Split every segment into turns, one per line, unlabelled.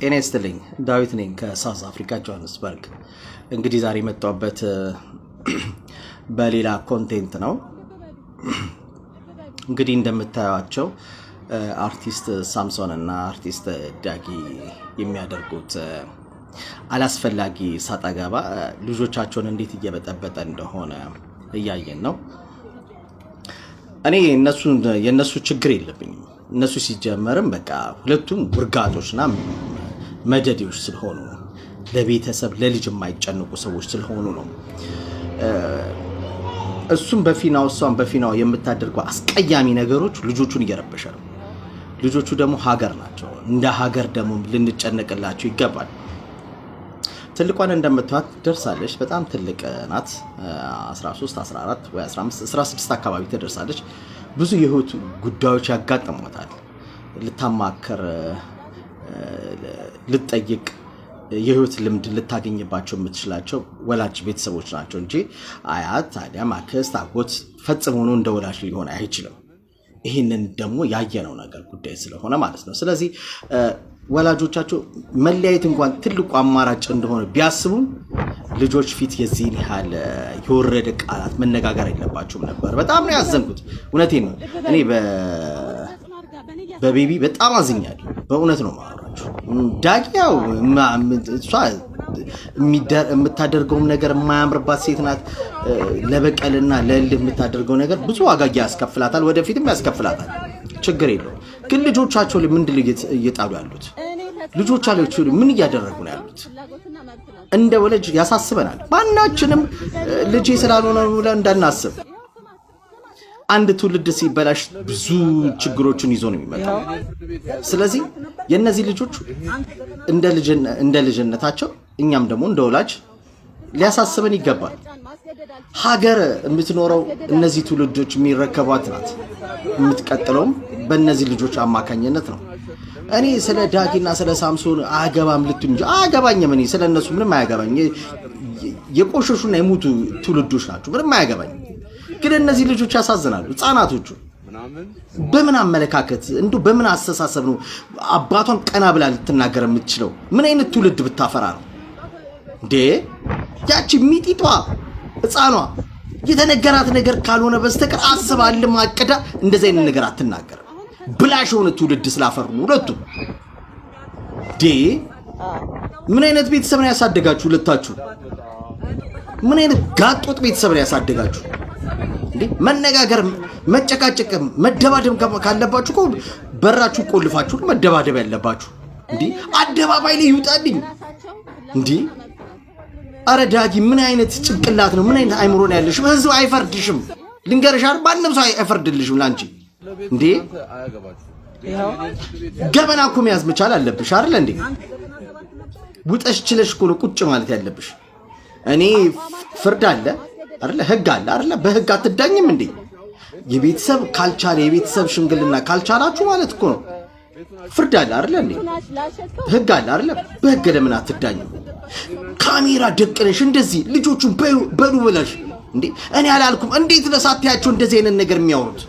ጤና ይስጥልኝ። ዳዊት ነኝ ከሳውዝ አፍሪካ ጆሃንስበርግ። እንግዲህ ዛሬ የመጣበት በሌላ ኮንቴንት ነው። እንግዲህ እንደምታዩቸው አርቲስት ሳምሶን እና አርቲስት ዳጊ የሚያደርጉት አላስፈላጊ ሳጠገባ ልጆቻቸውን እንዴት እየበጠበጠ እንደሆነ እያየን ነው። እኔ የእነሱ ችግር የለብኝም። እነሱ ሲጀመርም በቃ ሁለቱም ና መደዴዎች ስለሆኑ ነው። ለቤተሰብ ለልጅ የማይጨንቁ ሰዎች ስለሆኑ ነው። እሱም በፊናው እሷም በፊናው የምታደርገው አስቀያሚ ነገሮች ልጆቹን እየረበሸ ነው። ልጆቹ ደግሞ ሀገር ናቸው። እንደ ሀገር ደግሞ ልንጨነቅላቸው ይገባል። ትልቋን እንደምትዋት ደርሳለች። በጣም ትልቅ ናት። 13፣ 14 ወይ 16 አካባቢ ትደርሳለች። ብዙ የህይወት ጉዳዮች ያጋጥሟታል። ልታማከር ልጠይቅ የህይወት ልምድ ልታገኝባቸው የምትችላቸው ወላጅ ቤተሰቦች ናቸው እንጂ አያት፣ ታዲያ ማክስት፣ አጎት ፈጽሞ ሆኖ እንደ ወላጅ ሊሆን አይችልም። ይህንን ደግሞ ያየነው ነገር ጉዳይ ስለሆነ ማለት ነው። ስለዚህ ወላጆቻቸው መለያየት እንኳን ትልቁ አማራጭ እንደሆነ ቢያስቡም ልጆች ፊት የዚህን ያህል የወረደ ቃላት መነጋገር የለባቸውም ነበር። በጣም ነው ያዘንኩት። እውነቴን ነው እኔ በቤቢ በጣም አዝኛለሁ። በእውነት ነው ማወራቸው። ዳጊ ያው እሷ የምታደርገውም ነገር የማያምርባት ሴት ናት። ለበቀልና ለእልህ የምታደርገው ነገር ብዙ ዋጋ ያስከፍላታል፣ ወደፊትም ያስከፍላታል። ችግር የለውም ግን ልጆቻቸው ላይ ምንድን እየጣሉ ያሉት ልጆቻቸው ላይ ምን እያደረጉ ነው ያሉት? እንደ ወለጅ ያሳስበናል። ማናችንም ልጄ ስላልሆነ ብለን እንዳናስብ አንድ ትውልድ ሲበላሽ ብዙ ችግሮችን ይዞ ነው የሚመጣው። ስለዚህ የእነዚህ ልጆች እንደ ልጅነታቸው እኛም ደግሞ እንደ ወላጅ ሊያሳስበን ይገባል። ሀገር የምትኖረው እነዚህ ትውልዶች የሚረከቧት ናት። የምትቀጥለውም በእነዚህ ልጆች አማካኝነት ነው። እኔ ስለ ዳጊና ስለ ሳምሶን አገባም ልት እንጂ አያገባኝም። እኔ ስለ እነሱ ምንም አያገባኝ። የቆሸሹና የሞቱ ትውልዶች ናቸው። ምንም አያገባኝ ግን እነዚህ ልጆች ያሳዝናሉ። ህፃናቶቹ በምን አመለካከት እንዱ በምን አስተሳሰብ ነው አባቷን ቀና ብላ ልትናገር የምትችለው? ምን አይነት ትውልድ ብታፈራ ነው እንዴ? ያቺ ሚጢጧ ህፃኗ የተነገራት ነገር ካልሆነ በስተቀር አስባልም አቅዳ እንደዚህ አይነት ነገር አትናገርም። ብላሽ የሆነ ትውልድ ስላፈሩ ሁለቱም ዴ ምን አይነት ቤተሰብ ነው ያሳደጋችሁ? ሁለታችሁ ምን አይነት ጋጦጥ ቤተሰብ ነው ያሳደጋችሁ? እንዴ መነጋገር፣ መጨቃጨቅ፣ መደባደብ ካለባችሁ እኮ በራችሁ ቆልፋችሁ መደባደብ ያለባችሁ እንዴ! አደባባይ ላይ ይውጣልኝ እንዴ! አረ ዳጊ ምን አይነት ጭንቅላት ነው? ምን አይነት አይምሮ ነው ያለሽ? ህዝብ አይፈርድሽም። ልንገርሽ አይደል? ማንም ሰው አይፈርድልሽም ላንቺ እንዴ። ገበና እኮ መያዝ መቻል አለብሽ አይደል እንዴ? ውጠሽ ችለሽ እኮ ነው ቁጭ ማለት ያለብሽ። እኔ ፍርድ አለ አይደለ? ህግ አለ አይደለ? በህግ አትዳኝም እንዴ? የቤተሰብ ካልቻለ የቤተሰብ ሽምግልና ካልቻላችሁ ማለት እኮ ነው። ፍርድ አለ አይደለ እንዴ? ህግ አለ አይደለ? በህግ ለምን አትዳኝ? ካሜራ ደቅነሽ እንደዚህ ልጆቹን በሉ ብለሽ እንዴ? እኔ አላልኩም። እንዴት ለሳትያቸው እንደዚህ አይነት ነገር የሚያወሩት?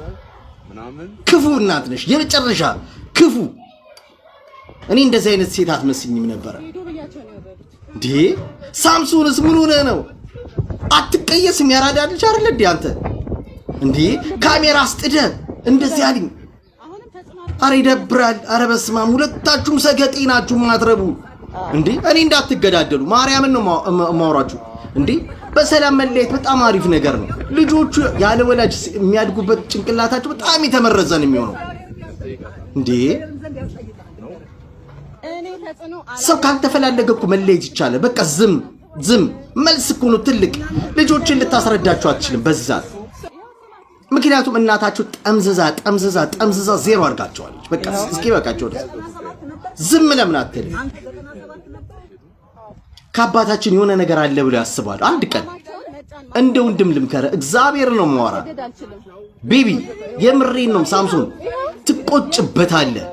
ክፉ እናት ነሽ፣ የመጨረሻ ክፉ። እኔ እንደዚህ አይነት ሴት አትመስኝም ነበረ እንዴ? ሳምሶንስ ምን ሆነ ነው አትቀየስም። ያራዳ ልጅ አይደለ እንዴ አንተ? እንዴ ካሜራ አስጥደ እንደዚህ አለኝ። አረ ይደብራል። አረ በስማም፣ ሁለታችሁም ሰገጤ ናችሁ ማትረቡ። እንዴ እኔ እንዳትገዳደሉ ማርያምን ነው ማውራችሁ። እንዴ በሰላም መለየት በጣም አሪፍ ነገር ነው። ልጆቹ ያለ ወላጅ የሚያድጉበት ጭንቅላታቸው በጣም የተመረዘ ነው የሚሆነው። እንዴ ሰው ካልተፈላለገ እኮ መለየት ይቻላል። በቃ ዝም ዝም መልስ እኮ ነው ትልቅ። ልጆችን ልታስረዳቸው አትችልም በዛት ምክንያቱም እናታቸው ጠምዝዛ ጠምዝዛ ጠምዝዛ ዜሮ አድርጋቸዋለች። በቃ እስኪ በቃቸው ዝም ለምን አትል። ከአባታችን የሆነ ነገር አለ ብሎ ያስባሉ። አንድ ቀን እንደ ወንድም ልምከረ እግዚአብሔር ነው ማወራ ቤቢ፣ የምሬን ነው። ሳምሶን ትቆጭበታለህ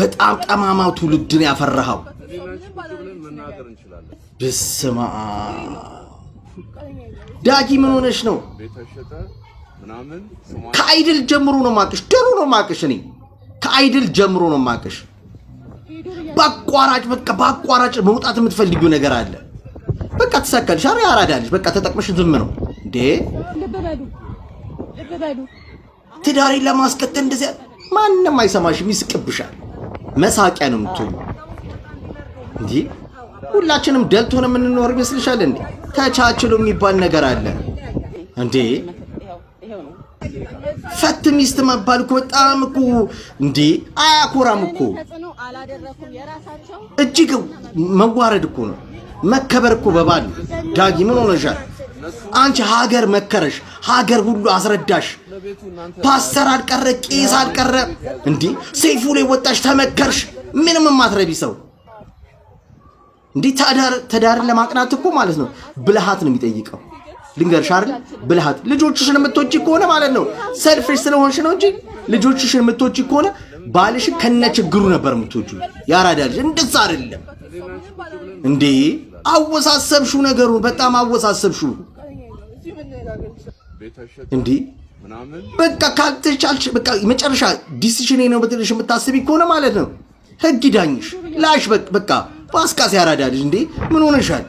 በጣም ጠማማው ትውልድን ያፈራኸው። ብስማ ዳጊ ምን ሆነሽ ነው? ከአይድል ጀምሮ ነው ማቅሽ፣ ድሮ ነው ማቅሽ። እኔ ከአይድል ጀምሮ ነው ማቅሽ። በአቋራጭ በቃ በአቋራጭ መውጣት የምትፈልጊው ነገር አለ። በቃ ትሳካልሽ። ኧረ ያራዳልሽ። በቃ ተጠቅመሽ ዝም ነው እንዴ? ትዳሬን ለማስቀጠል እንደዚያ ማንም አይሰማሽም፣ ይስቅብሻል። መሳቂያ ነው የምትሆኝ። እንዲህ ሁላችንም ደልቶን የምንኖር ይመስልሻል እንዴ? ተቻችሎ የሚባል ነገር አለ እንዴ? ፈት ሚስት መባል እኮ በጣም እኮ እንዴ አያኮራም እኮ እጅግ መዋረድ እኮ ነው። መከበር እኮ በባል ዳጊ ምን ሆነሻል አንቺ? ሀገር መከረሽ፣ ሀገር ሁሉ አስረዳሽ። ፓስተር አልቀረ ቄስ አልቀረ እንዴ ሰይፉ ላይ ወጣሽ ተመከርሽ። ምንም የማትረቢ ሰው እንዴ ተዳር ለማቅናት እኮ ማለት ነው ብልሃት ነው የሚጠይቀው። ልንገርሽ አይደል ብልሃት። ልጆችሽን የምትወጪ ከሆነ ማለት ነው ሰልፍሽ ስለሆንሽ ነው እንጂ ልጆችሽን የምትወጪ ከሆነ ባልሽ ከነ ችግሩ ነበር የምትወጪ። ያራዳ ልጅ እንደዛ አይደለም እንዴ። አወሳሰብሹ ነገሩን በጣም አወሳሰብሹ እንዴ በቃ ካልተቻልሽ በቃ መጨረሻ ዲሲሽን ነው ብትልሽ የምታስቢ ከሆነ ማለት ነው ህግ ዳኝሽ ላሽ በቃ ፓስካስ ያራዳልሽ እንዴ ምን ሆነሻል?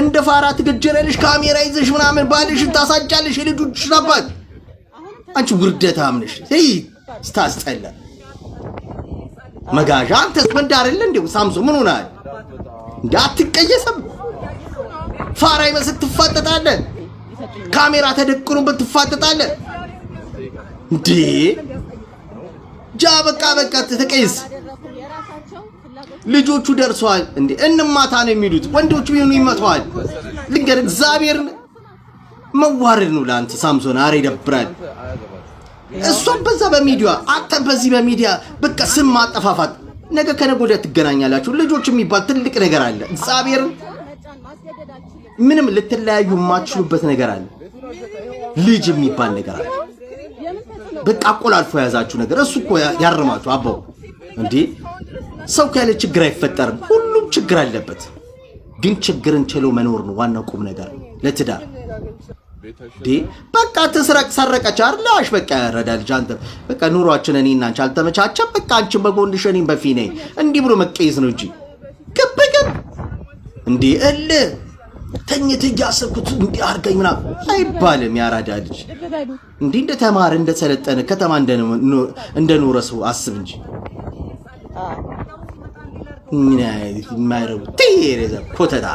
እንደ ፋራ ትገጀለልሽ፣ ካሜራ ይዘሽ ምናምን ባልሽ ታሳጫለሽ። የልጆች አባት አንቺ ውርደት አምነሽ ይህ ስታስጠላ መጋዣ አንተ ወንድ አይደለ እንዴ? ሳምሶ ምን ሆናል እንዴ? አትቀየሰም? ፋራ ይመስል ትፋጠጣለህ። ካሜራ ተደቅኖበት ትፋጠጣለህ እንዴ? ጃ በቃ በቃ ተቀይስ። ልጆቹ ደርሰዋል እንዴ? እንማታ ነው የሚሉት ወንዶቹ ቢሆኑ ይመተዋል። ልንገር እግዚአብሔርን መዋረድ ነው ለአንተ ሳምሶን። አረ ይደብራል። እሷም በዛ በሚዲያ አታ በዚህ በሚዲያ በቃ ስም ማጠፋፋት። ነገ ከነገ ወዲያ ትገናኛላችሁ። ልጆች የሚባል ትልቅ ነገር አለ እግዚአብሔርን ምንም ልትለያዩ የማትችሉበት ነገር አለ። ልጅ የሚባል ነገር አለ። በቃ አቆላልፎ የያዛችሁ ነገር እሱ እኮ ያርማችሁ። አባው እንዴ ሰው ካለ ችግር አይፈጠርም። ሁሉም ችግር አለበት፣ ግን ችግርን ችሎ መኖር ነው ዋናው ቁም ነገር ለትዳር በቃ ትስረቅ ሰረቀች አርላሽ በቃ ያረዳ ልጅ አንተ በቃ ኑሯችን እኔ እናንቺ አልተመቻቸም። በቃ አንቺን በጎንሽ እኔን በፊኔ እንዲህ ብሎ መቀየዝ ነው እንጂ ግብግብ እንዲህ እልህ ተኝት እያሰብኩት እንዲህ አድርገኝ ምና አይባልም። ያራዳ ልጅ እንዲህ እንደ ሰለጠነ ከተማ እንደ እንደኖረ ሰው አስብ እንጂ ምን አይነት የማይረቡ ኮተታ